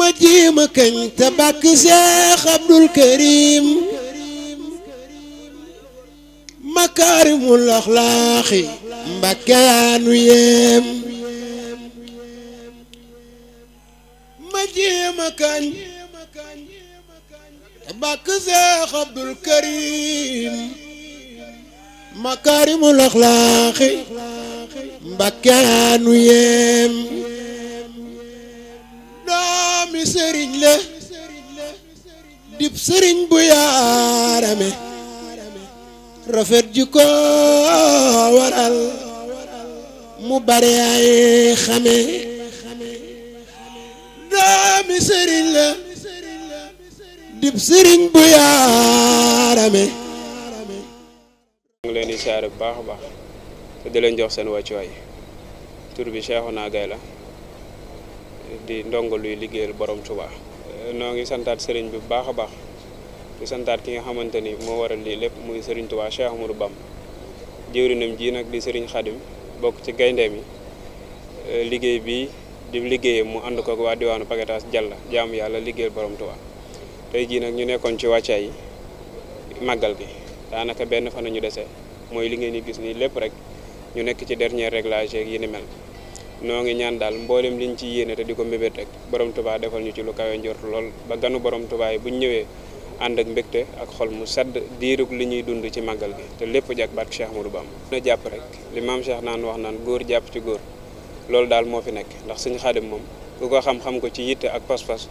ma jéema kañ te bàkk Seex Abdul Karim makaarimul axlaaxi Mbàkke yaa nu yem ma jéema kañ te bàkk Seex Abdul Karim makaarimul axlaaxi mbakkaanu yeem doomi sëriñ la dib sëriñ bu yaarame rafet ji ko waral mu bare ay xame doomi sëriñ la dib sëriñ bu yaarame leen di saare bu baax a baax te di jox seen wàccuwaay tur bi Cheikhouna Gaye la di ndongo luy liggéeyal borom Tuubaa noo ngi santaat sëriñ bi bu baax a baax di santaat ki nga xamante ni moo waral lii lépp muy sëriñ Tuubaa Cheikh Amadou Bam jëwrinam ji nag di sëriñ Xadim bokk ci gayndeem yi liggéey bi di liggéeyam mu ànd ko ak waa diwaanu Paquetas Jalla jaamu yàlla liggéeyal borom Tuubaa tey jii nag ñu nekkoon ci wàccaay yi màggal gi daanaka benn fan ñu dese mooy li ngeen di gis nii lépp rek ñu nekk ci dernier réglage yeeg yi ni mel noo ngi ñaan daal mboolem liñ ci yéene te di ko mbébét rek borom Touba defal ñu ci lu kawe njort lool ba ganu borom Touba yi bu ñu ñëwee ànd ak mbégte ak xol mu sedd diirug li ñuy dund ci màggal bi te lépp jàkk barke Cheikh Amadou Bamba na jàpp rek li maam Cheikh naan wax naan góor jàpp ci góor loolu daal moo fi nekk ndax suñu xaadim moom ku ko xam-xam ko ci yitte ak pas-pas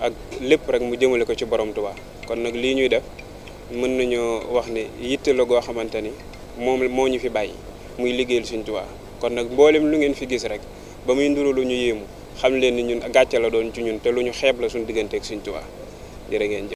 ak lépp rek mu jëmale ko ci borom Touba kon nag lii ñuy def mën nañoo wax ne yitte la goo xamante ni moom moo ñu fi bàyyi muy liggéeyal Sëñ Tuubaa kon nag mboolem lu ngeen fi gis rek ba muy nduru lu ñu yéemu xam leen ni ñun gàcce la doon ci ñun te lu ñu xeeb la suñu digganteeg Sëñ Tuubaa